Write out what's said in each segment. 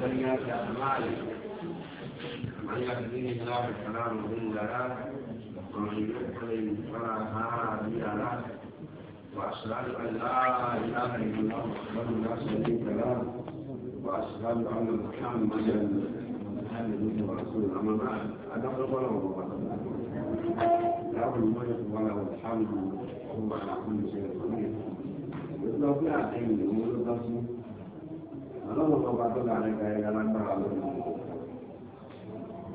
سيئات أعمالنا من يهديه الله فلا مضل له ومن يضلل فلا هادي له وأشهد أن لا إله إلا الله وحده لا شريك له وأشهد أن محمدا عبده ورسوله أما بعد أدخل ولا والحمد لله هو على كل شيء قدير يطلع في عقيم الأمور القسم اللهم صل عليك يا من تعالى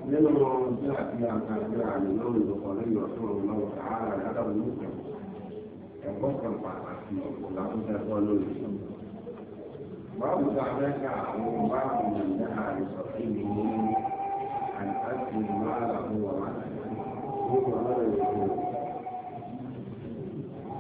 لما جاء في عقيدة عن النوم البخاري رحمه الله تعالى عن أدب المسلم يتوكل على لابد يقول بعض ذلك هو بعض من نهى لصاحبه عن أكل ماله وماله هو هذا يقول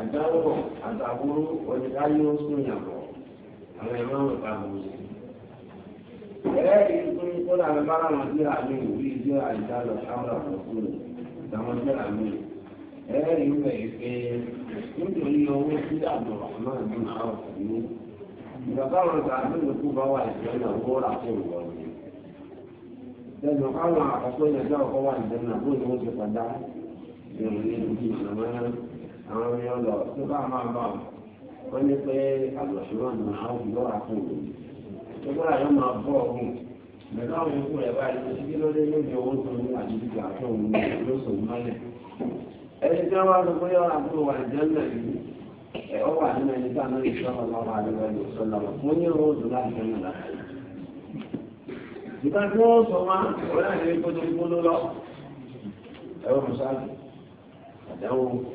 àjáwọ̀ àtàbúrú ọ̀dẹ̀dáyé ó sún ìyàbọ̀ àwọn ẹ̀rọ àwọn ìpamọ́ sí. ẹ̀rẹ́ yìí tó ní kó bá làwọn tí ra mi ìwé ìjọ àìdálọ̀ sáwọn àkókò làwọn tí ra mi. ẹ̀rẹ́ yìí bẹ̀ yìí pé nítorí owó tí àbọ̀ náà ní àwọn òkú ìgbà táwọn bá wà ìjọ náà rà fún lẹ́nu àkọ́kọ́ wà ìjọ náà wọ́n ti padà ìdí àwọn ọmọ lọ tó bá máa bá wọn wọ́n ní pé àlọ́ṣọ́rọ́ ni àwọn òbí lọ́ra tó bá yọ máa bọ̀ ọ̀hún mẹ́ta àwọn ikú rẹ̀ báyìí ló ti gbé lóde owó tó ní àdúgbò mọ́lẹ̀ ẹni tí wọ́n àbúrò wà yìí wà nínú ẹni tí lọ́wọ́ mo ní owó tó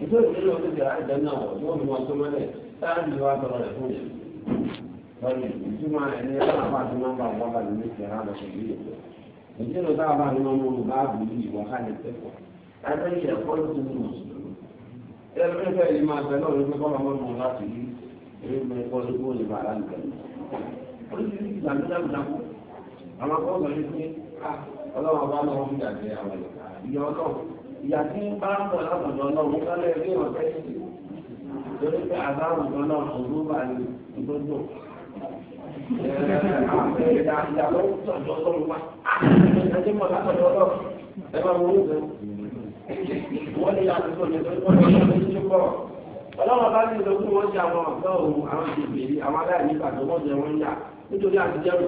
ìjọba ìlú ọdún ti àìdá náà wọ̀ yóò mú ọtún mọ́lẹ̀ táàbì wa tọrọ rẹ̀ fún yẹn. lọ́ọ̀lì ìtumọ̀ ẹni ẹ̀rọ àpá àti nọ́mbà wọn bá lè méjì ara lọ sọ̀rọ̀ yìí lọ. ìjọba ìlú táwọn bá ní mú un bá bù yìí wọ́n ká lè tẹ̀kọ̀. adéyẹ ẹ̀kọ́ ló ti mú un sùn. ẹlẹ́fẹ́ yìí máa tẹ lọ́ọ̀lù pé kọ́lọ́ mọ́ ya tí ń bá ń bọ̀ náà wọ́n bá lẹ́yìn ọ̀fẹ́ sí torí pé àbá náà kò ló bá lè gbogbo. ọjọ́ Ọlọ́run bá ní wọn jẹ àwọn ọ̀gá òun àwọn àwọn aláìní ìbàdàn jẹ yà nítorí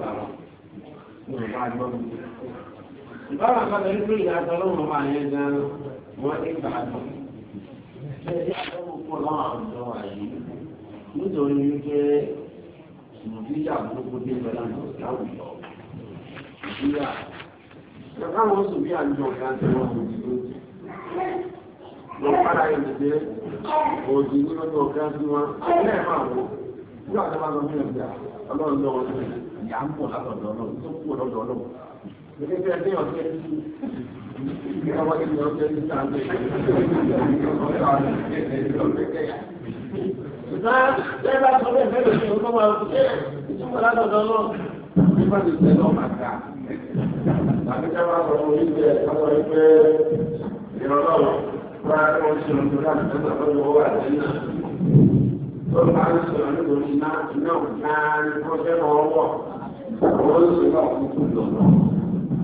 a ìbára àpapọ̀ ní pé ìyá lọ́wọ́ máa yẹn gan wọ́n ní ìbàdàn ẹ̀ẹ́dẹ́ àtọ́wò pọ̀ lọ́wọ́ àwùjọ àyè nítorí wípé ìmọ̀tíjà burúkú dé pẹ̀lú àjọṣe àwùjọ ìdíyà kàkà wọn sùn bí àjọ ọ̀gá tí wọ́n mú ti tó lọ padà yẹn ti dé ní lọ́jọ́ ọ̀gá tí wọ́n lẹ́ẹ̀mọ́ àwọn nígbà tí bá lọ fún ẹ̀gbẹ́ ọlọ́run lọ́wọ́ sí ìyá ń bọ̀ látọ̀dọ̀ ọlọ́run tó kú ọlọ́dọ̀ ọlọ́run gẹ́gẹ́ bí ẹgbẹ́ ọ̀jẹ́ sí ìjọba ìjọba ọ̀jẹ́ sí sáàbẹ̀ ṣùgbọ́n lẹ́gbà tó ọmọ wa ṣe ìtumọ̀ látọ̀dọ̀ náà nípa ti tẹ̀ máa ta àti ká máa sọ fún ṣe ohun tó láti ní kọ́sẹ́ ọwọ́ òun sì náà lọ́wọ́.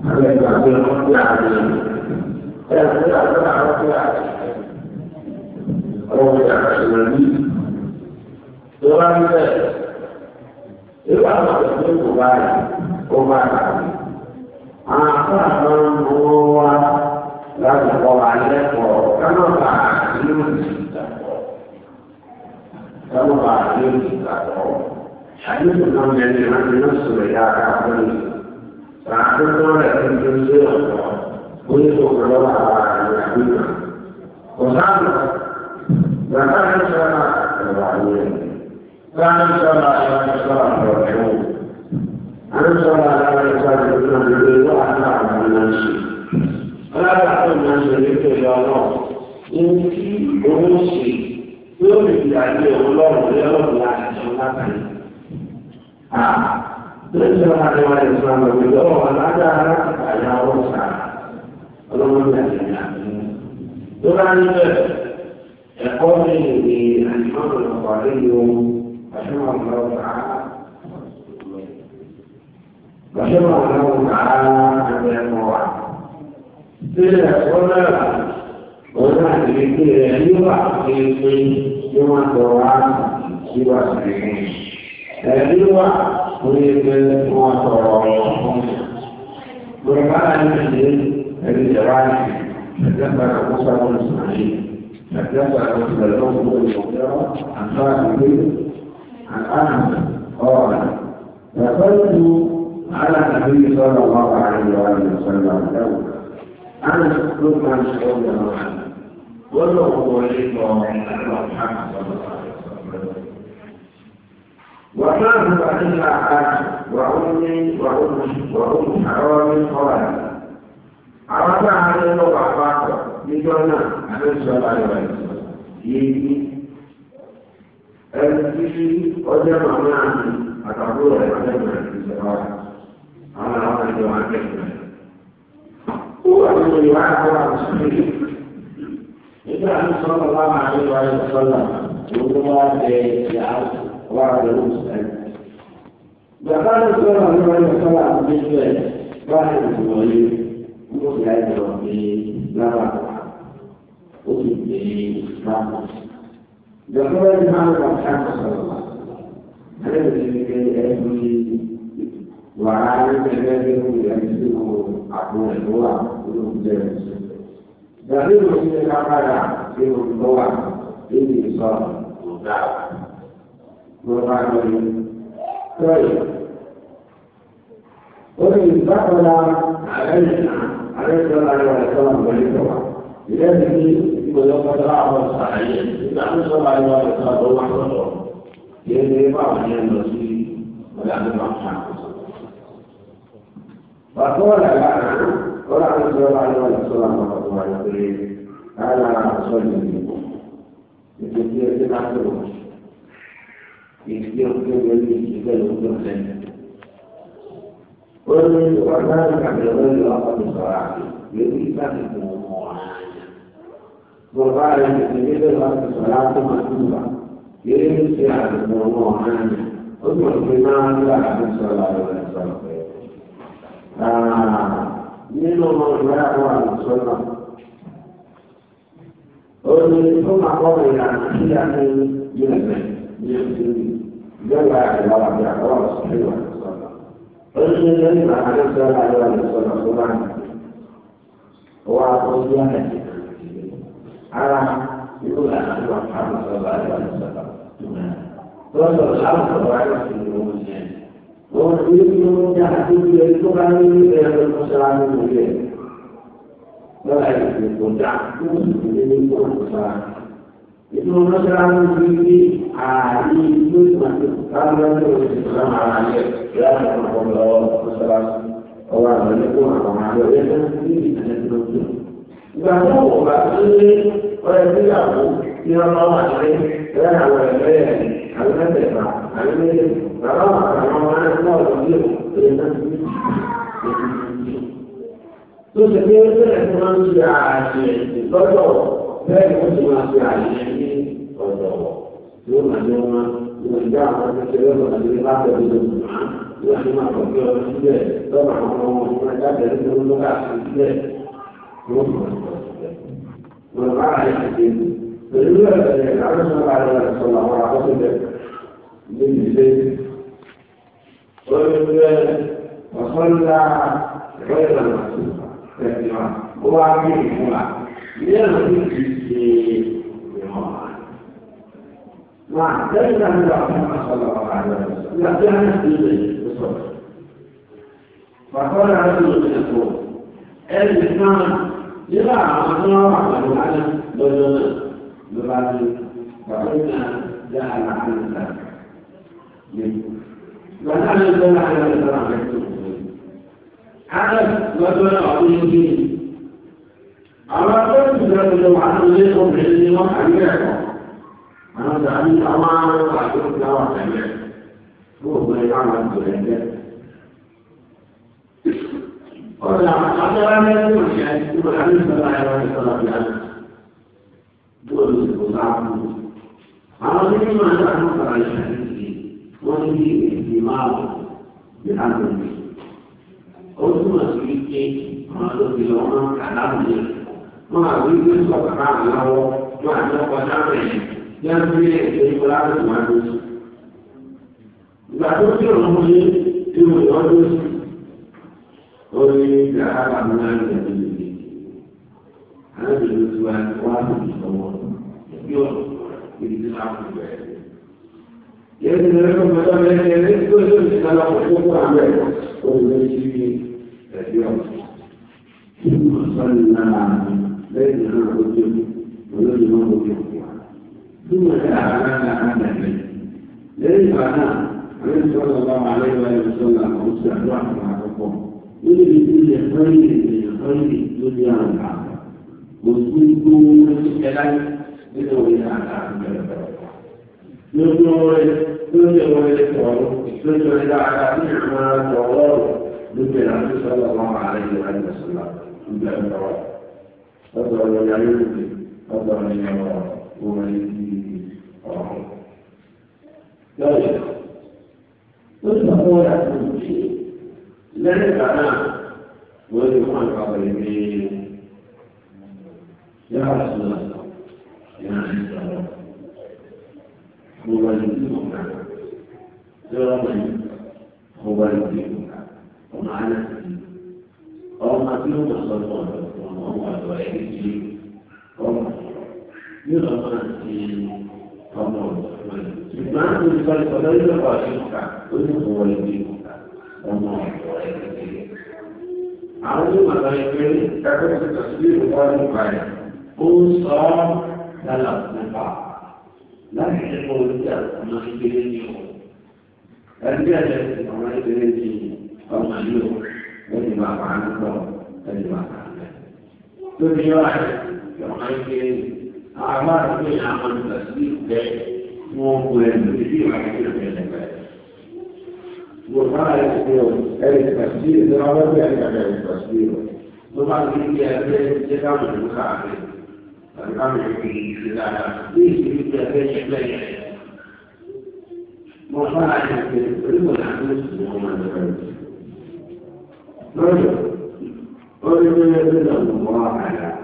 Ìwà ń bẹ̀, ìwà ń bẹ̀ ní kò báyìí, kò báyìí. Àwọn àfáà máa ń mú wá láti kọ́ wa lẹ́kọ̀ọ́ kánú bá yóò Saatnya ada industri untuk kelola kita. Kosan, berapa yang sama kelolaan? Kalau sama sama sama berapa? Kalau sama sama sama dengan itu ada manusia. Kalau ada manusia itu ya Allah, ini manusia. Yo tidak ada orang yang lain. Ah, ليس هذا ما يسمى بالله وما عدا فلا وسع اللهم اجعلنا ذلك يقول الإمام البخاري رحمه الله تعالى رحمه الله تعالى عن الموعد سيدنا ولا ولا تذكر أيوة في يوم القرآن سوى سبعين أيوة orí ẹgbẹ́ tí wọ́n sọ̀rọ̀ ọ̀rọ̀ fún mi. Yorùbá náà ní ìdílé ẹni ìjọba ní ẹ̀dẹ́gbà kò sábà ń sọ̀rọ̀ yìí. ẹ̀dẹ́gbà kò sì lọ́wọ́ fún mi ìjọba àtọ́ àgbègbè àtàkùn ọ̀rọ̀. Bàbá ìlú على النبي صلى الله عليه وآله وسلم أنا لقمان رضي الله عنه ولو هو لقمان محمد akụaị a-ataayeaọrụ ọra ọ na-aụaaa ee ọnụ ụzọaaeri eei ọd ịa ọụaaaọna ụaụ وعد المسلم دخل السلام عليه وسلم بالفعل واحد صغير مسعد ربي لا وجد به دخل المعركة محمد صلى الله عليه وسلم وعالم الذي هو يمسكه عقول الله ولهم جاهز دخل في الحمارة في الضوء في الإصابة والدعوة وعمل طيب ومن دخل علينا عليه الصلاة والسلام بالدعاء لأنه يوم الرابع الصحيح نحن صلى الله عليه وسلم وحده يدري بعض الناس ولا من أصحابه فقال لنا ورحمة الله عليه وسلم ورحمة الله عليه ألا صلي بكم لتكفير تنعتبه ìdílé ọdún lórí ìgbẹ́ lọ́dún lẹ́yìn. ó ní ọ̀nà ìgbàgbọ́ lórí ọkọ̀ sọ̀rọ̀ àti lórí ìgbàgbọ́ ọmọ ààyè. bàbá rẹ̀ ìdílé lọ́wọ́ ti sọ̀rọ̀ àti màdùbà lórí ìṣe àgbẹ̀mọ̀ ọmọ ààyè. ó ní ọ̀gbìn náà جمع على رب العالمين صحيح وسلم فإن الذي على صلى الله عليه وسلم هو قيامة على يقول أن محمد صلى الله عليه وسلم رسول الله صلى الله عليه وسلم ويؤمنون يحدث يلتقى من غير المسلمين ولا يشركون يحدث من غير المسلمين nínú mọ́ṣáláṣí ní ààyè tó ti máa ti káwọn ọmọ ìṣẹ̀lẹ̀ tó máa wà ní ẹ̀ láti ọ̀pọ̀ lọ mọ́ṣáláṣí ọwọ́ àwọn ẹ̀kọ́ àwọn àgbẹ̀ ẹ̀kọ́ ní ìtàlẹ́ tó ń tó. ìgbà tó wọ̀ bá tó lé ọ̀rẹ́ níyàwó ní ọmọ wà ní ẹ̀rẹ́ àwọn ẹ̀rẹ́ ẹ̀rẹ́ àwọn mẹ́tẹ̀ẹ̀fà àwọn mẹ́tẹ̀ẹ̀fà bàbá wà àwọn ọmọ náà ní ọ̀dọ̀ ní òkú tó ṣe pé ó bẹ̀rẹ̀ fún ọ́n ṣe àṣẹ ìtọ́jọ́ bẹ́ẹ̀ ó sì máa fi àyè ní ọ̀dọ̀ yóò máa ní wọn ìwé ìjà àwọn àti nípa pẹ̀lú ìdòwò máa máa ọdún síbẹ̀ lọ́wọ́ àwọn ọmọ ní wọn síbẹ̀ máa mo bá àyè pẹ̀lú láti sọ àwọn ní ìdílé. ọ̀sán ńlá ìlànà ó wá ìfúnra لأنه في مع ذلك أن الله صلى الله عليه وسلم لا جهل في بصدق فقال عز وجل الإسلام إذا عرفنا رحمة العالم بدنا ببعض فقلنا جعل عن الإسلام ونحن نزل على الإسلام عدد بدنا عظيم àwọn akẹ́kọ̀ọ́ ìjọba ìjọba wà ní ilé obìnrin ni wọ́n kà ní ẹ̀kọ́ àwọn ìdàmí àwọn àjọyọ̀ náà tẹ̀lé gbogbo ẹ̀ka àwọn àgbẹ̀rẹ̀ jẹ́ ọ̀dà àtẹ́wá mẹ́rin ní ìṣẹ́ ìgbà ní ìṣẹ́lá ẹ̀rọ ìṣẹ́lá bí i bóòlù ìbò sáàmù àwọn tí wọ́n máa ń sàánú kàrà ìṣẹ́ wọ́n ní èdè márùn-ún bí a lò ní ó túmọ̀ sí wípé àwọn tó ti lọ wọn kà láwùjọ wọn àbí gbé sọ̀kàrà àláwọ̀ wọn àti ọkọ̀ sáfẹ̀ yìí yẹn fi ètò ìkọ́ láti wá lóṣù. ìgbà tó ní ìwé sí ó ní ìgbà náà wá bẹ̀rẹ̀. ti rẹ̀ kọ́ mọ́tọ́ mẹ́rin ẹni tó ti fún fún lẹ́yìn náà ó tó olóyè náà ó tó wà. Túmọ̀ sí àárá la ká dàgbẹ́. Lẹ́yìn ìgbà náà, àwọn ìṣọ́lá bá wà lẹ́yìn wáyé ìṣọ́lá àwọn oṣù àdúrà fún àkọ́kọ́. Lórí ibi tí ilẹ̀ fọ́lì ènìyàn fọ́lì ló ní àrùn àgbà. Mo tún gbó owó ní ẹláyé nínú ìlà àgbà lójú ọrẹ lójú ọrẹ tọrọ lójú ọrẹ dáadáa ní ìmọ̀ ọ̀rọ̀ lójú ẹ̀rọ àti sọ́lọ́ ọmọ àlejò àti ìṣọ́lá ìgbà ìgbà أبا ويعينك أبا ويرى ويديه رحمه لا شك وإنه هو يعلم كل شيء لا يدعنا ويدعنا عظيمين يا رسول الله يا رسول الله هو يدينك يا رب هو يدينك ومعنا أو ما فيهم الصلاة والسلام ọ̀rọ̀ ẹ̀rí tí ọmọ yóò lọ máa ti ọmọ ọ̀dọ́ ṣùgbọ́n àwọn olùkọ́ ọ̀dọ́ yóò lọ́kọ̀ ọ̀ṣun kà ó ní kò wọlé bí ọmọ ọ̀dọ́ ẹ̀rí tí. àwọn onímọ̀ àgbà ìpè kakọ́ ti tọ̀sí bí ìwọ́n nípa rẹ̀ ó ń sọ ọ́ dálà nípa láti ṣe kó olùkọ́ ọmọ ìgbélé ní o ẹgbẹ́ ẹ̀jẹ̀ ọmọ ìgbélé ní ọmọ ìlú ẹni bàbá ń lọ ẹni bàbá lórí wáyé ìjọba ń ké àwọn àgbẹ̀ yẹn àwọn ìgbà sí ìgbẹ́ wọn kú ẹnu títí ìwà kékeré rẹ̀ lẹ́gbẹ̀ẹ́. Wọ́n bá rẹ̀ ṣe o, ẹni ìgbà sí ìgbà wọn bẹ̀ ẹni ìgbà ìgbà sí o. Wọ́n bá rí ilé ẹgbẹ́ ṣe káwọn ìlú káàkiri. Tàbí káwọn ìlú kì í ṣe dáadáa. Bí ìṣèlú ti ẹgbẹ́ ṣe bẹ́ẹ̀ yẹn. Wọ́n bá rẹ̀ ṣe onímọ̀ ولمن يدل الله على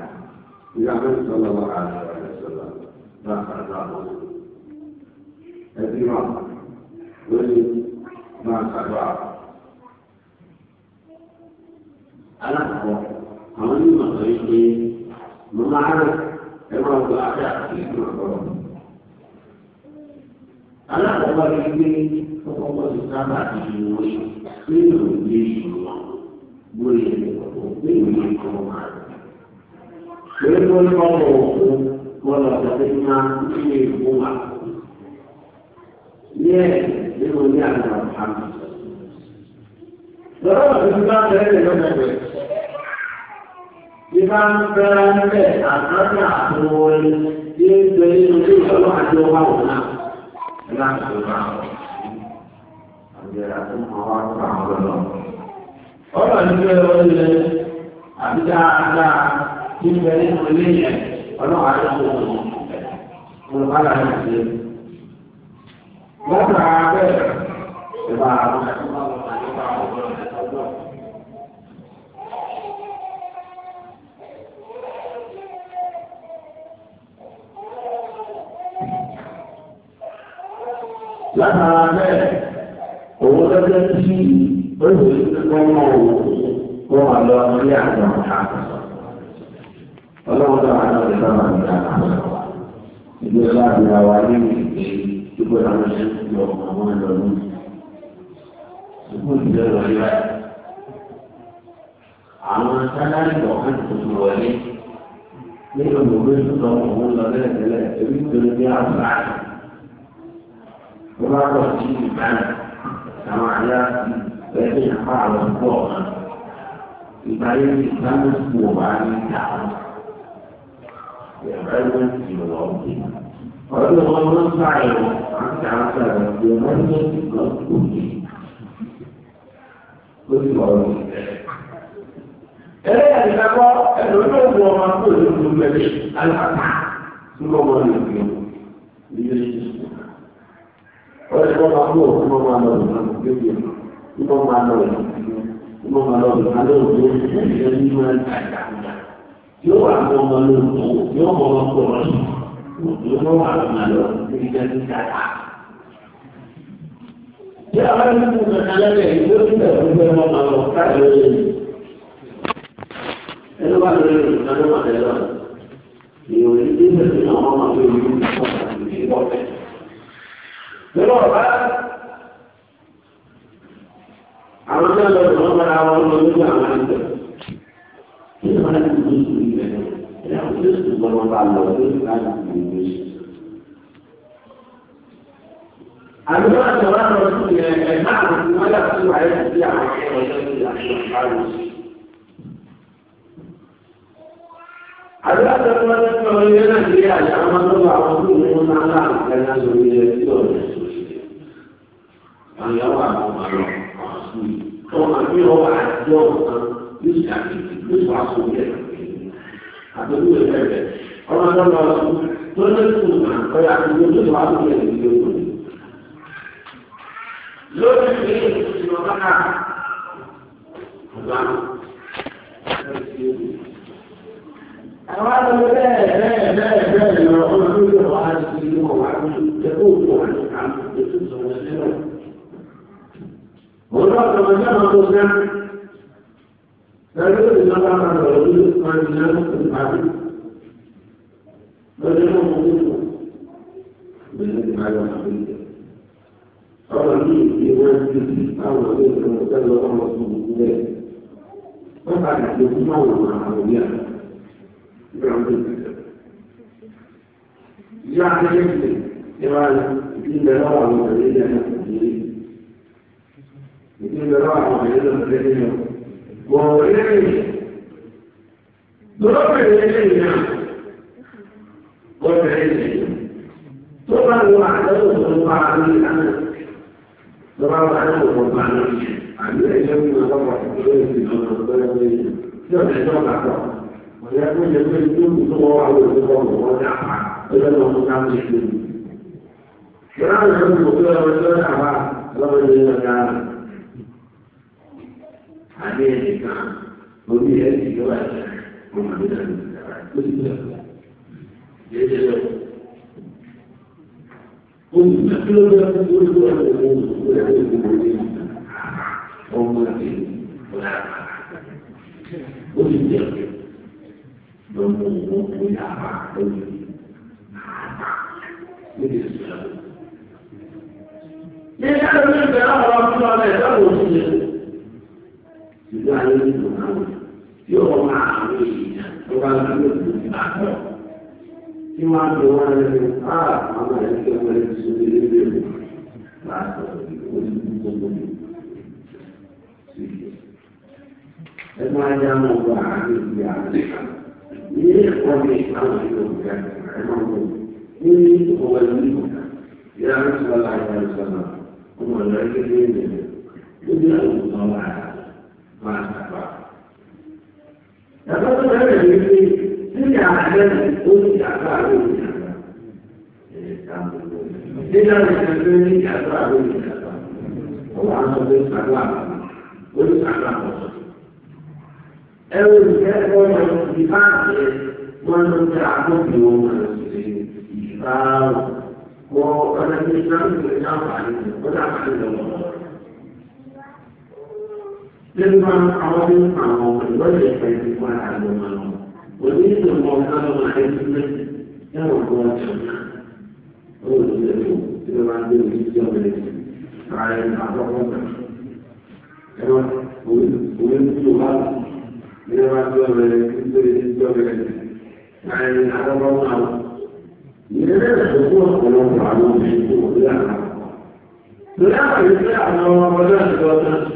النبي صلى الله عليه وسلم دخل داره الإمام ولي ما سبعه alákọ̀ọ́ àwọn onímọ̀ sọ yìí pé mo máa rẹ̀ ẹ̀rọ ọgbà àti àti ìgbọ̀ngbọ̀n. alákọ̀ọ́ bá lórí òkú ìwé máa. Ṣé tó ní ọmọ òkú gbọ́dọ̀ tẹ̀lé máa ń ṣe ìwé wà? Yẹ nínú ní àná àmì. Lọ́wọ́ àti bá bẹ̀rẹ̀ lọ́wọ́ rẹ̀. Bí bá ń bẹ̀rẹ̀ ń bẹ̀ àtọ́jú àtọwọ́rẹ́ bí ń bẹ nínú ilé ìṣọ́lọ́ àti ọba òun náà. Ẹ bá ń sọ̀rọ̀ àwọn ọ̀gbẹ̀rẹ̀ àti àwọn ọ̀gbẹ̀rẹ̀ ọ̀rọ̀ nígbà ọ̀lẹ́ àti dáadáa tí ń bẹ nínú ilé yẹn ọlọ́run àti ọ̀rọ̀ olùkọ́lá ní ìdílé. Lọ́sàn án bẹ́ẹ̀ ìbá àwọn Lọ́sàn án bẹ́ẹ̀ òun lọ́jọ́ tí ó ní ọmọ òun wọn lọ sí àgbà ọ̀tá ọlọ́run náà á lọ sí àwọn àgbà ọ̀tá ìgbé láti ra wa ní ìgbé ìgbé àwọn ṣe àwọn ẹ̀rọ ní wa. àwọn tuntun wọlé lọ èmi wọ́n bá sí àwọn àyà ha ìyàpá àwọn ọ̀pọ̀ ìgbà yẹn ní ìsìlámù kù wá ní ìjà ìrẹ́lẹ̀ ti lọ bí. ọdún wọn ló ń bá ẹ̀rọ àti àwọn ọ̀sẹ̀ ìrẹ́lẹ̀ ti lọ kù bí. ó sì wọ́n lò bẹ́ẹ̀. ẹ̀rẹ́ àdìgbàgbọ́ ẹ̀rọ ló wù ọmọ tó ló ń lò bẹ́ẹ̀ alápá tó lọ́wọ́ lè fi ilé ìṣúná. ọ̀rẹ́ wọn máa ń bọ̀ fún ọmọ àlọ́ ìgbàgbọ́ nígbà máa lọ rẹ̀ nígbà máa lọ rẹ̀ alẹ́ òde ìṣẹ́ ní máa ń tàgbà yóò wà fún ọmọ lóòótọ́ yóò mọ ọmọ pọ̀ rẹ̀ yóò wà fún àlọ́ nígbà tí tàgbà. Bí a bá ní kí n kankan lẹ́lẹ̀ yìí ló ń bẹ̀ fún bẹ́ẹ̀ wọ́n máa lọ káàkiri lẹ́yìn. Ẹni bá lórí ìrìnà ló máa lẹ́lọ́. Ìròyìn tí bẹ̀rẹ̀ náà wọ́n máa lórí ìrìnà àwọn tó ń lọ sí wọn bára wọn lọ nínú àwọn àìsàn kí ló máa ń bí oṣù rẹ ẹ̀yà kó lè sùn bọ́ bá lọ sí láti fi ìwé ṣe. wọn àti lọ sí ẹ̀ ẹ̀ náà wọn yà sí wàá sí àwọn ọ̀rọ̀ yẹn ní àti ọ̀rọ̀ àlọ́ sí. àbí wọn àti ọ̀rọ̀ lọ sí ọ̀rọ̀ tó àwọn tó lọ wọn náà láàrín ẹ̀ náà lórí ẹ̀ sí ọ̀rọ̀ yẹn. àwọn yà àwọn ọmọ àlọ́ àwọn sùn yìí ọmọ mi ọ wà àjọ ọ̀kan yóò ṣe àkíyèsí yóò ṣe àṣọ yẹn àtọ́jú rẹ̀ bẹ̀rẹ̀ ọmọ tó lọ sùn tó lọ sùn náà ọyà àtọ́jú yóò ṣe àṣọ yẹn ìdílé wọn. lórí ìwé ìṣúná bàtà ọ̀gá àwọn àgbẹ̀ bẹ́ẹ̀ bẹ́ẹ̀ bẹ́ẹ̀ bẹ́ẹ̀ lọ ọmọ tó lọ wà á ti ìlú ọ̀wá tó tó tó ní àmì tó tó tó wọlé náà. Burada kazanacak arkadaşlar Nerede de insanlarla olabilir, kardeşlerle kırmızı. Böyle يجب راحه إلى المسلمين وهو إليه ضرب إليه قلت إليه طبعا وعدوه مع أمي أنا ضرب عنه مع أمي أمي يجب ضرب إليه في الأرض يرجع يرجع ويكون يكون يكون هو على الضرب ورجع إلى أنه كان يحمل كان يحمل وكان يرجع لما يرجع àbí ẹnìkan orí rẹ̀ ti láàyè nínú àwọn yóò máa àwọn èèyàn tó bá ń lò ní ìgbàgbọ́. Kí wọ́n á lọ wọ́n rẹ̀ ní pa àwọn ẹ̀ṣẹ̀ wọn ẹ̀ ti sórí lédè mọ́. Láàbọ̀ ìwé ní gbogbo mi. Ẹ máa yá mọ̀ bá àárín ìgbé àárín ìgbà. Ní ẹ̀kọ́ mi àwọn ìlú ìgbà ẹ̀ máa ń bọ̀. Ní ìwọ̀n ìlú ìgbà, ìyá rẹ̀ sọ̀rọ̀ láì máa sàgbà. Yàtọ̀ tó bẹ̀rẹ̀ a fẹ́ ní ìyàtọ̀ àlọ́ ìyàtọ̀, ó wà lọ nípa àwọn tí ń pa àwọn ọmọ ìwádìí ẹ̀ka ìdí fún àgbẹ̀ máa lọ. Wọ́n ní ìlú ọmọ ọ̀gá lọ́mọ ẹni méjì yàrá ọ̀gá ọjà náà. Ó lè lè lò tí wọ́n máa ń gbé orí sí ọ̀gá ẹ̀sìn. Ààrẹ ní àkọ́kọ́ náà. Ẹ̀rọ òwe ń tó bá lọ. Ní wọ́n máa gbé ọ̀gá ẹ̀sìn tó lè sí ọ̀gá ẹ̀sìn. Ààrẹ ní àkọ́kọ́ náà. Ìrẹ́lẹ̀ ìṣòwò ọ̀pọ̀lọpọ̀ àwọn ọmọ ìṣòwò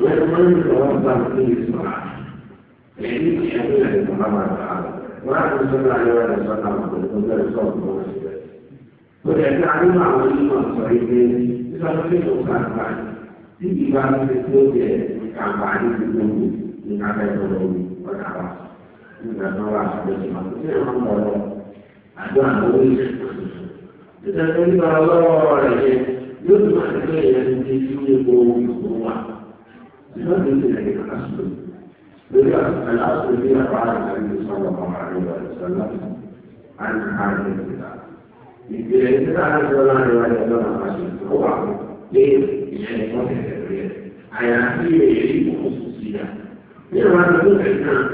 ومن توضا فيه الصلاه يعني شبيه محمد تعالى وعلى صلى عليه وسلم وقال صلى الله عليه وسلم وتعلم عظيما صعيدا تصرفه كعبان في إمام الزوجة كعبان الزوجة من عبد الغني والعراس من النواس والجمال سيرهم الله أدعى الله يتكلم الله عليه يطمح إليه تسدد إليه الأصل الأصل فيها قال النبي صلى الله عليه وسلم عن حاجة الكتاب الاتباع صلى الله عليه وسلم هو ليه؟ يعني وجه التربية على فيما يليق خصوصية لما تكون عندنا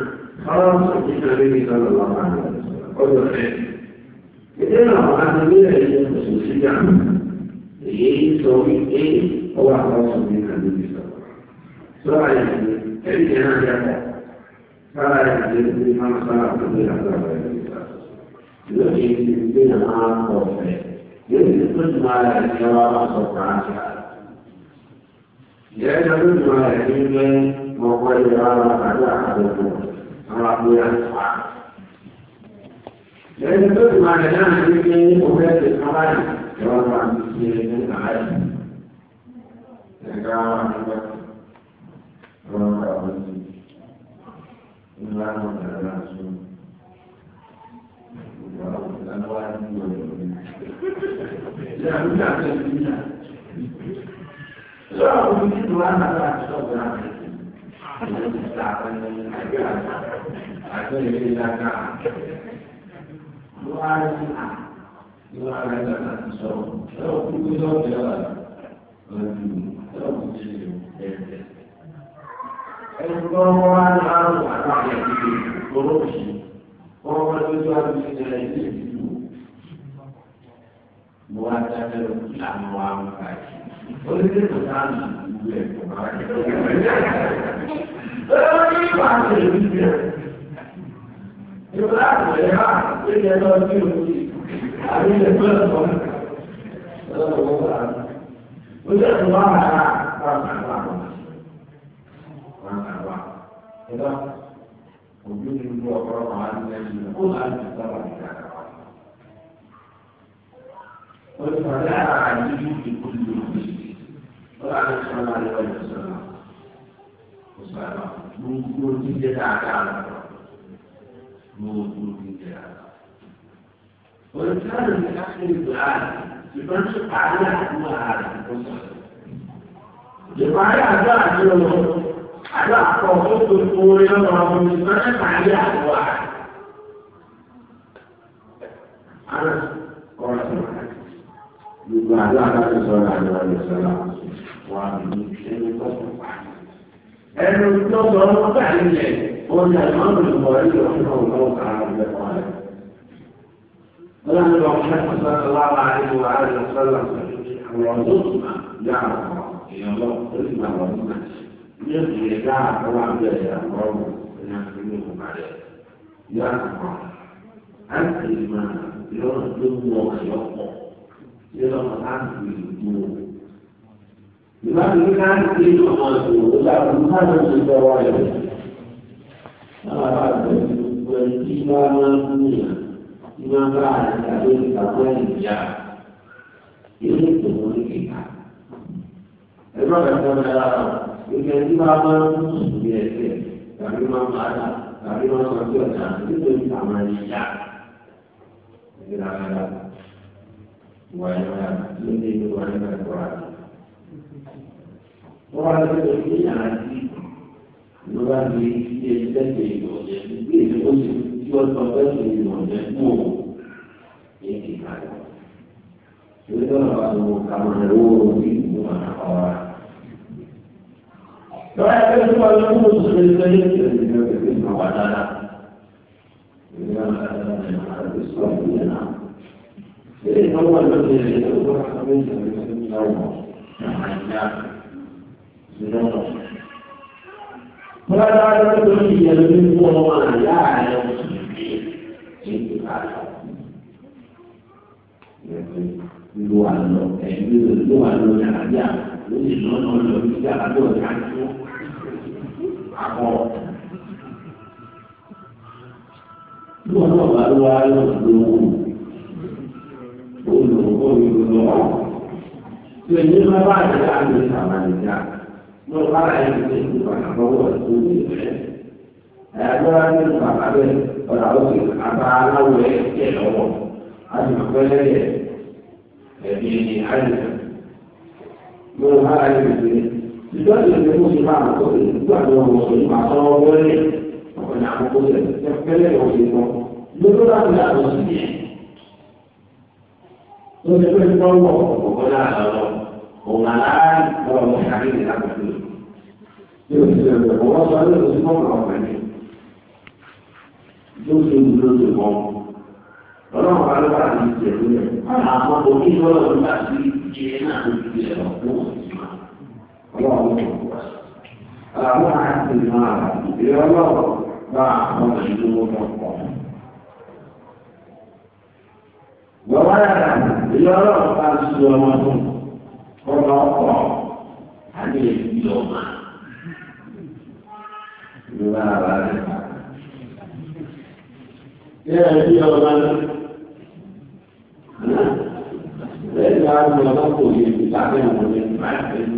خاصة بالنبي صلى الله عليه وسلم قل الخير إذا أردنا من الخصوصية ليه سوي إيه هو خاص بالنبي صلى الله عليه وسلم فلا يجوز كيف ينادى فلا يجوز بما صنع كل هذا لكن بين العام والخير يجب كل ما يرى سبحانه وتعالى لأن كل ما يجب وهو يرى أداء حدثه رب يسعى لأن كل ما لا يجب وهو يسعى يرى عن مسلم عالم wọn kà náà bá aṣọ ọ̀gá àti ìlú ìlànà lọ́wọ́ àyè ìwà àyè náà kúkú lọ́wọ́ tẹ̀lé ẹgbẹ́ wọn wá láwọn àtàwọn ìdílé lọ́wọ́ yìí wọ́n wá lójú àbí ìṣẹ̀lẹ̀ ilé ìlú. Mo wá wa ń bá yìí. Orílẹ̀ خلاف وجود المعبر عن المنقول عن الشرع تعالى والصلاة عليه في كل مسجد وعلى صلى الله عليه وسلم وصلاة نور جدا على نور جدا والإنسان في آخر الدعاء يبرشق على أنواع هذا القصة. جماعة أداء àgbàpọ̀ tó tó tó orí lọ́nà ọdún ní sọ́nà pàálí àwọ̀ àrà ọ̀rọ̀ sọ̀rọ̀ gbogbo àdó àdáṣe sọ̀rọ̀ àdó àdó sọ̀rọ̀ wà ní ẹni tó sọ̀ pàálí. ẹnu tó sọ ọmọ pàálí lẹ̀ orí àjọ ọ̀dùn ìmọ̀ ẹ̀rí ọ̀hún náà lọ́wọ́ kàrà ọ̀gbẹ́ wọn. ọlọ́run lọ fún ẹ̀kọ́ lára àdó àdó sọ̀rọ̀ àwọn ọ̀dọ́ ìgbà yà àwọn èèyàn lọ yóò sì yẹ ká àwọn àgbẹ̀ àwọn ọmọ ní àgbẹ̀mí ọmọ rẹ̀ yóò àtàwọn àti ìmọ̀ yóò tó mú ọ̀yọ́ pọ̀ yóò lọ́mọ láti ìlú ìgbà tó ní ká ń pè é ọmọ ìlú ó bá wọn ká ló ń bọ̀ wá yọ. Àwọn àgbẹ̀ gbogbo ẹni tí bá máa ń múyàn tí máa bá àyíká lórí ìgbàgbọ́ ìyá yóò tó wọn ní kíkà. Ẹgbẹ́ ọ̀gá tó ń bẹ̀rẹ̀ àwọn. Yon gen di wap nan sotou sotou direkte. Kabirman wala, kabirman wala. Kyo janan. Kyo di sa manen li kya. Eke la vayal. Wajal vayal. Yon di kyo kwanen kwa kwa. Kwa vayal deke kwenye janan ki. Yon vayal di. Kwenye kwenye kwenye kwenye. Kwenye kwenye. Kwenye kwenye kwenye. Kwenye kwenye. Kwenye kwenye. Kwenye kwenye. Kwenye kwenye. Kwenye kwenye kwenye. فهي كانت هو النفوس الخلفية إيه هو الذي يدور حبيبا من الله ولا يعلم الدنيا من الله لا يعلم Lu àlọ́ ẹ̀mí lu àlọ́ yàrá yàrá lórí ìlú ọ̀nà ọ̀nà ìjà àdó ìjà àdó. àbọ̀. Bí wọ́n náà bá lọ́wọ́ ayọ̀ lówó, olùkọ́ ìlú lọ́wọ́. Tí o ní bá bá àjẹ́ àmì ìsàmàlìjà, mo bá àyè ní ìgbà àbọ̀wọ̀ tó ìjọ ìṣẹ̀lẹ̀ tó ṣe máa tó ìgbà tó wọ̀ ṣe máa tọ́ wọlé ọ̀nà àkókò rẹ̀ ẹ̀fẹ́lẹ́ òṣè kan lójú láti yàtọ̀ sí i. ó ṣe pé nípa wọ̀ ọ̀pọ̀ náà lọ òun aláàrí lọ́wọ́ mọ́ sáré ní àkókò rẹ̀. yóò ṣe ẹ̀rọ ọwọ́ sọ ní oṣù kan kan pẹ̀lú. yóò ṣe ní lóṣù kan. ọlọ́run bá ló àti ìṣẹ̀lẹ̀ rẹ̀. àwọn àkókò الله أعلم النار إلى الله مع مجنون الله ووانا إلى الله قال سلامته وقال هذه اليوم لا لا يا اليوم لا لا لا لا لا لا لا لا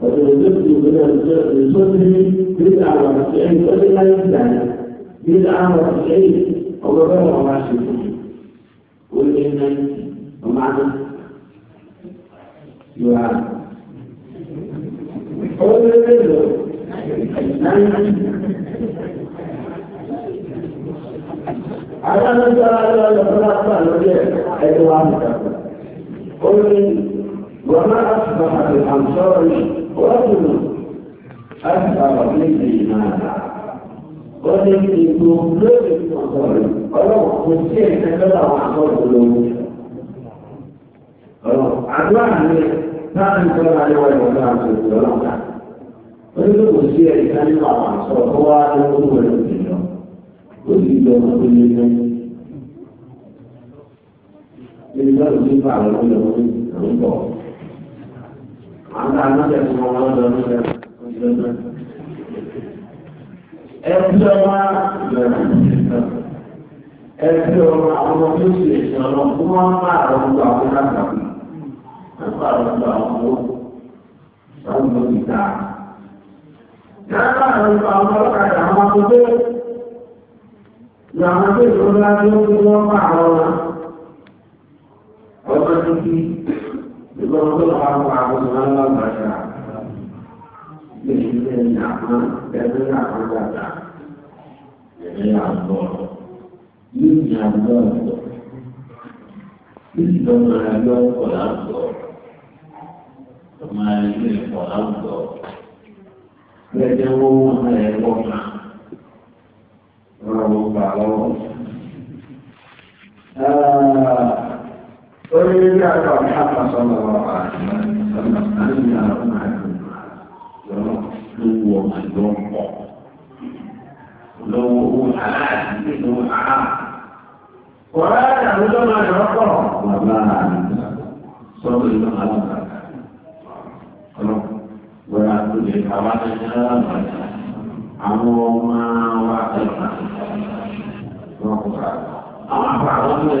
وتنزلت من صدره بدعة وتسعين فلا يدعي بدعة وتسعين أو بابا وعشرين قل إن ومعنى يعاد قل على أن ترى أن الصلاة قل وما أصبح في الأمصار rọ́dùnù láti pàrọ̀ níbi ó ní ìlú lórí ìfọ̀sọ̀rọ̀ ọlọ́wọ́ kò sí ẹ̀ka lọ́wọ́ àwọn akọ́rọ̀ lówó. àdúrà mi táwọn ìjọba àríwá ìwọ̀n náà ti rọ̀ lọ́kà ó ní kò sí ẹ̀ka nínú àwọn àṣọ tó wá lówó rẹ̀ nìyọ ó sì lọ sí ilé ní ìlú náà ló ń bá àwọn ọmọ ìlú àwọn ìbọn àwọn àgbẹ̀ tí wọ́n wọ́n lọ ní ẹgbẹ́ ẹgbẹ́ ọmọ ẹgbẹ́ ọmọ àwọn ọmọ tó sì lè sọ lọ kó wọ́n má àwọn ọmọ àwọn àgbàgbé àpá àwọn ọmọ àwọn ọmọ àwọn ọmọ ìta. Yàrá àwọn ọmọ ọlọ́kadà àwọn ọmọ tó làwọn tó ìṣòro láti ó kí wọ́n má àwọn ọmọ ọmọ tuntun ṣùgbọ́n tó bá wà àwọn ọmọ alábàárà lè ṣe ní àwọn ẹgbẹ́ àwọn dàda ẹ̀rẹ́ àgbọ̀ yóò ní àgbọ̀ àgbọ̀ yóò lọ máa yọ ọkọ̀ lágbọ̀ ọmọ ilé ẹ̀kọ́ lágbọ̀ lẹ́jẹ̀ wọ́n wọ́n máa ẹ̀ wọ́n máa wọ́n máa wọ́n gbà lọ́wọ́. وإذا كان الحق صلى الله عليه وسلم أنا أعلم lọ́wọ́ ló ń pọ̀ lọ́wọ́ owó aláàbí ló ń ha. Wàhálà ìyàwó tó máa yọ̀ ọ́pọ̀. Bàbá sọ́dọ̀ ìlú alábàtà. Wọ́n á tó lè ka wá ní alábàtà. Àwọn ọmọ wa ẹ̀ka. àgbà wọn lè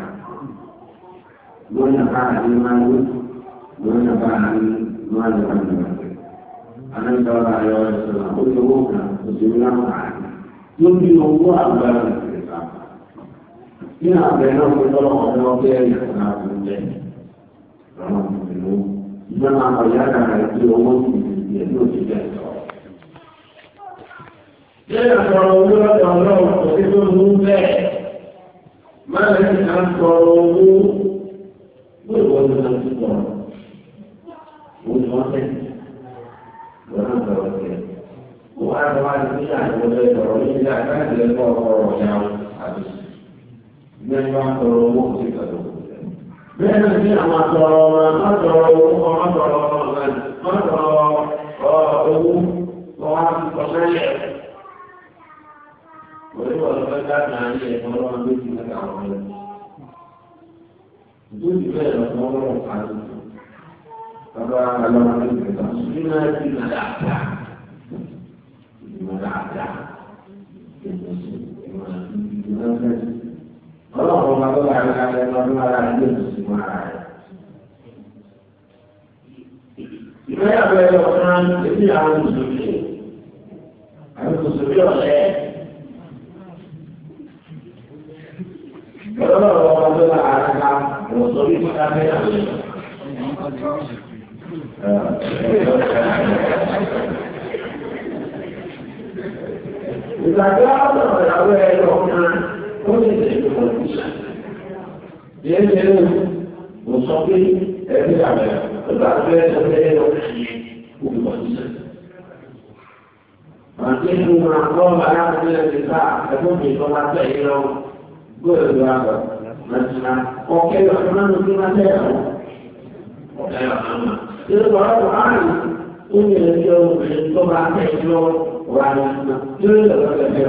lọ́nà bá àrí máa ló lọ́nà bá àrí máa lọ bá lọ. Anájọba ayọ̀ ẹ̀sọ̀rọ̀ ó ti owó kan òṣèlú láǹfààní lórí owó àgbàrá ìgbà. Ní àbẹ̀ náà fi lọ́wọ́ ọ̀dọ́ ọgbẹ́ ìyàtọ̀ náà fi ń jẹ. Àwọn òṣèlú ìjọ máa kọ̀ yá dàgbà ìdí owó ìdìbò ìdí òṣèlú ẹ̀sọ̀. Ṣé àtọ̀rọ̀ owó lọ́dọ̀ ọlọ́run kò sí tó mú bẹ́ẹ̀? Má lẹ́yìn àtọ̀rọ̀ owó tó ìwọ lọ sí lọ òun ni wọn tẹ wọn náà sọ̀rọ̀ sí ẹ wọn á lọ wá sí àwọn ọmọ ẹgbẹ̀rún ní ilé àgbáyé lẹkọọ ọ̀rọ̀ ọjà àbí ìgbẹ́ni sọ̀rọ̀ owó kò sí kàdó bẹ́ẹ̀ náà sí àwọn àtọrọ ọmọ àtọrọ owó àtọrọ ọmọ owó wọn á fi kọ sẹ́yìn. Wọ́n ní wọ́n ìdóòdì bẹ́ẹ̀ lọ fún ọlọ́run pàdé Ìgbà tí a bọ̀ ìyàwó ẹ lọ kan, ó lè lè lọ ìṣà. Yé ṣe ń mú sọ pé ẹbí àmì ìgbà tí ẹ sọ pé ẹ lọ sí olùkọ́ ìṣà. Àti ìlú máa kọ́ ọ̀la láti ẹ̀ ti ká ẹ̀fọ́ mi kọ́ máa tẹ̀yìn lọ gbọ́dọ̀ lọ́wọ́. وكيف الرحمن بما تيسر يرضى القرآن إن اليوم طبعا تحجر وعلى يرضى الكثير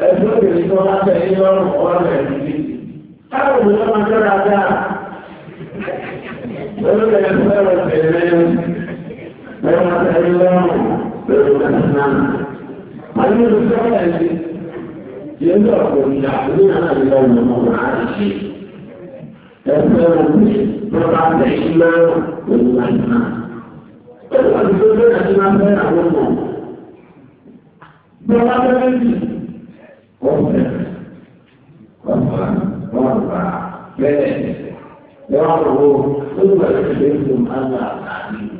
الفجر الصلاة تحجر وعلى أو لما ترى ذا ولما يفعل الفعلين لما تحجر ولما تحجر ما يرضى الكثير yẹlẹ ọ̀pọ̀ ìyá ní àlàyé ọmọ ọmọ àti ẹgbẹ́ omi lọ́ba tẹ̀sí lọ́wọ́ pẹ̀lú àyíká. ó wà ní gbogbo àti máa fẹ́ àwọn ọmọ. lọ́ba tẹ́lẹ̀ jì ọ̀fẹ́ ọ̀fà ọ̀fà bẹ́ẹ̀ lọ́wọ́ lọ́wọ́ ó wà ní ìlú àgbà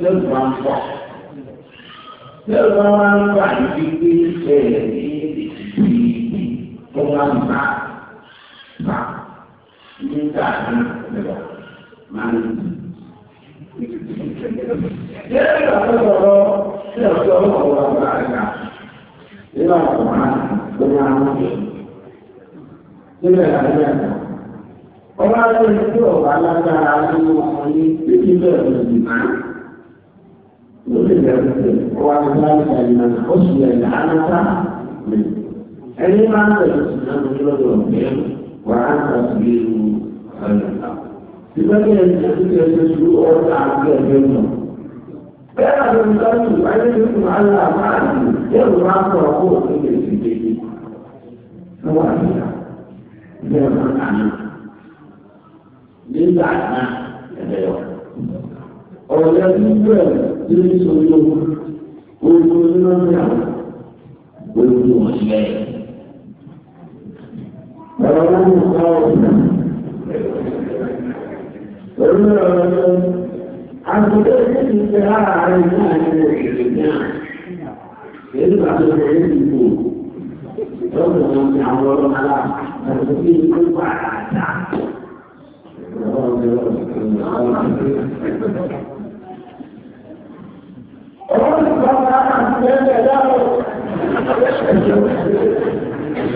lẹ́nu bá ń pọ̀. lẹ́nu bá ń pàdé gbígbé ẹ̀rí tó máa ń bá bá nígbà náà lọ máa ń bá. Yẹ́n ní àwọn ọ̀rọ̀ tí ọ̀sọ́ ọ̀rọ̀ ọ̀rọ̀ àgbà nínú àwọn ọ̀rọ̀ tó máa ń bá. Nígbà náà lọ. Ọba tó ń tó ọ̀gá lágbára nínú ọmọ yìí tí kì í bẹ̀rẹ̀ lòdì máa. Lórí ìgbà tó ń tẹ̀, ọba tó ń bá ìgbà ìgbà ó sì yẹ ìdáná sáà lè. ẹni máa ń bẹ̀rẹ̀ sí náà lójú lọ́dọ̀ ọ̀gbìn wà á kà sí ewu ọ̀nà. Ìgbẹ́kẹ̀ ẹ̀jẹ̀ tó ti ẹ̀jẹ̀ tó ọ̀rọ̀ àti ẹ̀jẹ̀ mọ̀. Bẹ́ẹ̀ náà ló ń tọ́jú tó kù máa ń òfin lè fi dédé. àná. Nígbà bẹ̀rẹ̀ ní àwọn Ọlọ́run bá máa ń bẹ́ẹ̀ bẹ́ẹ̀ dáhùn.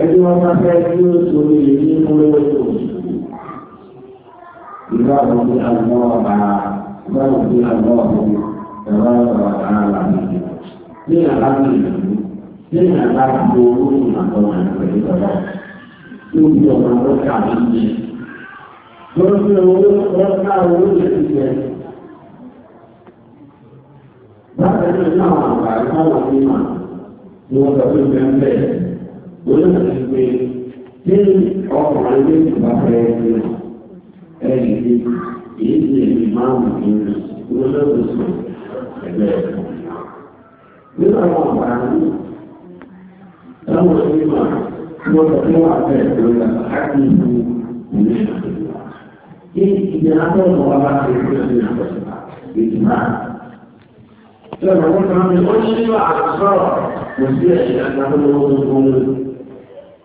ẹni wọn bá fẹ́ kí ó sórí èyí múlẹ̀ òkú ìlú àwọn tí a mọ́ ọ̀bà báwo tí a mọ́ ọ̀bà ẹ̀rọ ọ̀rọ̀ ààrà nìyí ní àbámi ìlú ní àbámi owó ìmàkọ́nà pẹ̀lú ọ̀rọ̀ tí ó fi ọ̀nà tó kà ní ìyẹn. Wọ́n fi owó lọ́ta owó lè ti jẹ. Bákan náà, àwọn àgbà ìkáwọ̀ ní mà ni wọ́n sọ pé bẹ́ẹ̀ bẹ́ẹ̀ lórí àgbègbè ní ọkùnrin ní ìbára ẹni ẹni ní èyí ti èmi máa mú ìrìn olóògùn ẹgbẹ́ ẹ̀kọ́. nínú àwọn àǹfààní táwọn onímọ̀ tí wọ́n sọ pé wọ́n fẹ́ lórí àkáàkì ìlú ìlú ní ìdílé tó ń wá bá ti rí ìlú ìjọba ìjọba. Ìjọba wọn kan ní ó ní nígbà àti sọ̀rọ̀ kò sí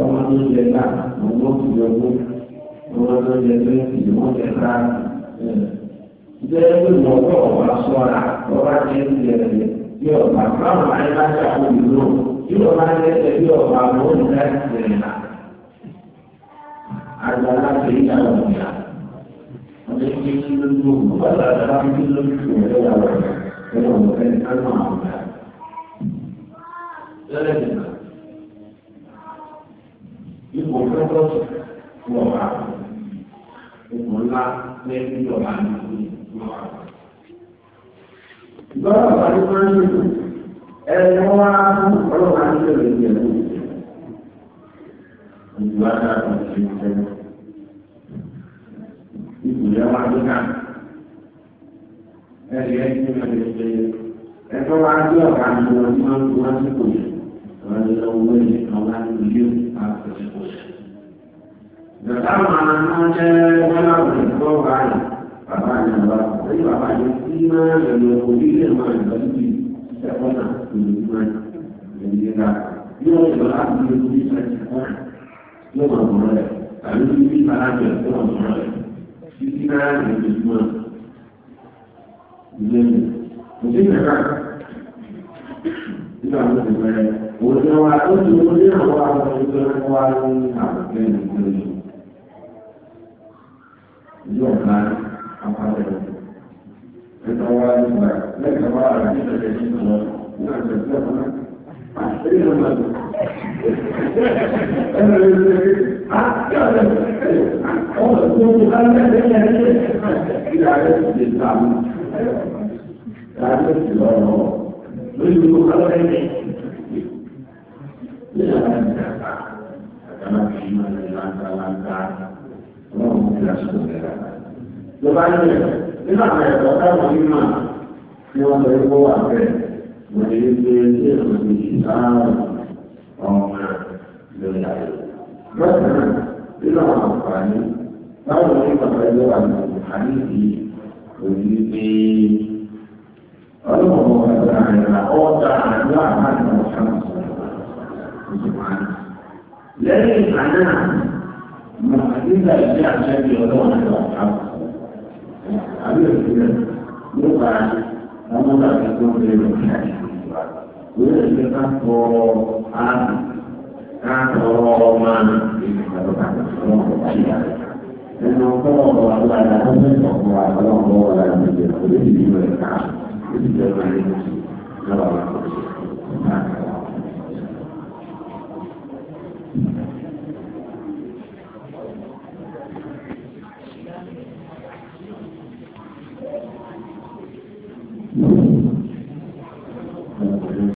ọmọ tó jẹ náà ọmọ tó jẹ owó ọmọ tó jẹ tó jẹ ìwọ jẹ náà bẹ́ẹ̀ ló mọ̀ ọ́ ọ̀wá sọ́ra ọ̀wá jẹ ń jẹ rẹ̀ bí ọ̀bà báwọn máa ń bá ṣàkóso ìlú bí ọ̀bá ń lẹ́sẹ̀ bí ọ̀bà mọ̀ ó ń dá ìjẹ̀rẹ̀ náà àgbàlá ṣe ń yàrá ìyá ọdún tí kí ló ló ń bá lára kí ló ń fi ẹ̀rọ yàrá ẹ̀rọ ọ̀fẹ́ ní ká náà ọ̀gá. lọ́lẹ́ ipò pẹ́pọ́sì fún ọ̀rọ̀ àwọn ipò ńlá lẹ́yìn ìjọba ní ìlú àwọn. ìgbọ́dọ̀ àbájú máa ń ṣètò ẹni wá fún ọlọ́run àti ìṣẹ̀lẹ̀ ìjẹ̀lú. ìjọba náà kò ṣe é sẹ́yìn. ipò yẹn wá ní ká. ẹni ẹni tí wọ́n lè ṣe ẹ̀fọ́ wá sí ọ̀gá àti tí wọ́n ń kó wá sí kò yẹn. Àwọn ẹ̀rọ owó Ìjọba máa ń jẹ́ wọ́n ìgbọ́ wa Bàbá mi àbá àbí bàbá mi kí máa ń orí ilé máa lọ sí ìṣẹ́kọ́nà ìlú máa ń lè Yóò lọ láti lè rí ìṣẹ́kọ́nà yóò máa mọ̀ rẹ̀. Tàbí bí bí alájọ tó mọ̀ rẹ̀. Títí náà lè rí mọ́ ilé mi. Kò sí ìrẹ̀ká. Nígbà tó ti bẹ̀rẹ̀, òun ni wa ó ti wọlé àwọn àwọn ọmọ ìgbẹ́ ní àwọn ìgbẹ́ yóò ká apáta rẹ̀. Ẹ̀ka wá nípa lẹ́ka wá rà ní ìṣẹ̀lẹ̀ yìí lọ ní àjọ ìṣẹ̀lẹ̀ wọn náà. Àṣírí ló máa lò. Ẹnu rẹ̀ ló lè á kí ọ̀rẹ́ ọmọ tó ń bá lẹ́sẹ̀ yẹn lé. Ìyá rẹ̀ ti lè ta mú. Ìyá rẹ̀ ti lọ rọ̀ lórí gbogbo kálọ̀ bá ní ẹ̀ nínú àwọn ẹ̀kọ́ táwọn onímọ̀ tí wọ́n sọ pé wà bẹ́ẹ̀ mo ní pé ṣé èmi ti ṣì sáárùn ọmọ lórí ayé. lọ́sàn-án nínú àwọn àǹfààní táwọn onímọ̀ pẹ̀lú àwọn àǹfààní yìí kò ní pé ọlọ́run ọmọ ọ̀gá àyà ọ̀gá àyà àmàlà ọ̀sán ọ̀sán lẹ́yìn ìgbà náà mo àdéhùn ìgbà àṣẹ ìgbà ọlọ́run ọ̀gá àmàlà àbí òṣìṣẹ́ nípa àwọn bàbá tó ń bẹ̀rẹ̀ ní àṣìṣe wọ́n yẹ ká tọrọ ààbò ká tọrọ ọmọ ìgbàlódé àwọn ọmọ ìyá rẹ̀. Nínú kọ́lọ̀ ọ̀rọ̀ àwọn àgbà tó ń sọ̀kọ̀ àwọn ọmọ ọ̀rọ̀ àti ìjẹ̀kọ̀ lórí ìlú ẹ̀ ká lórí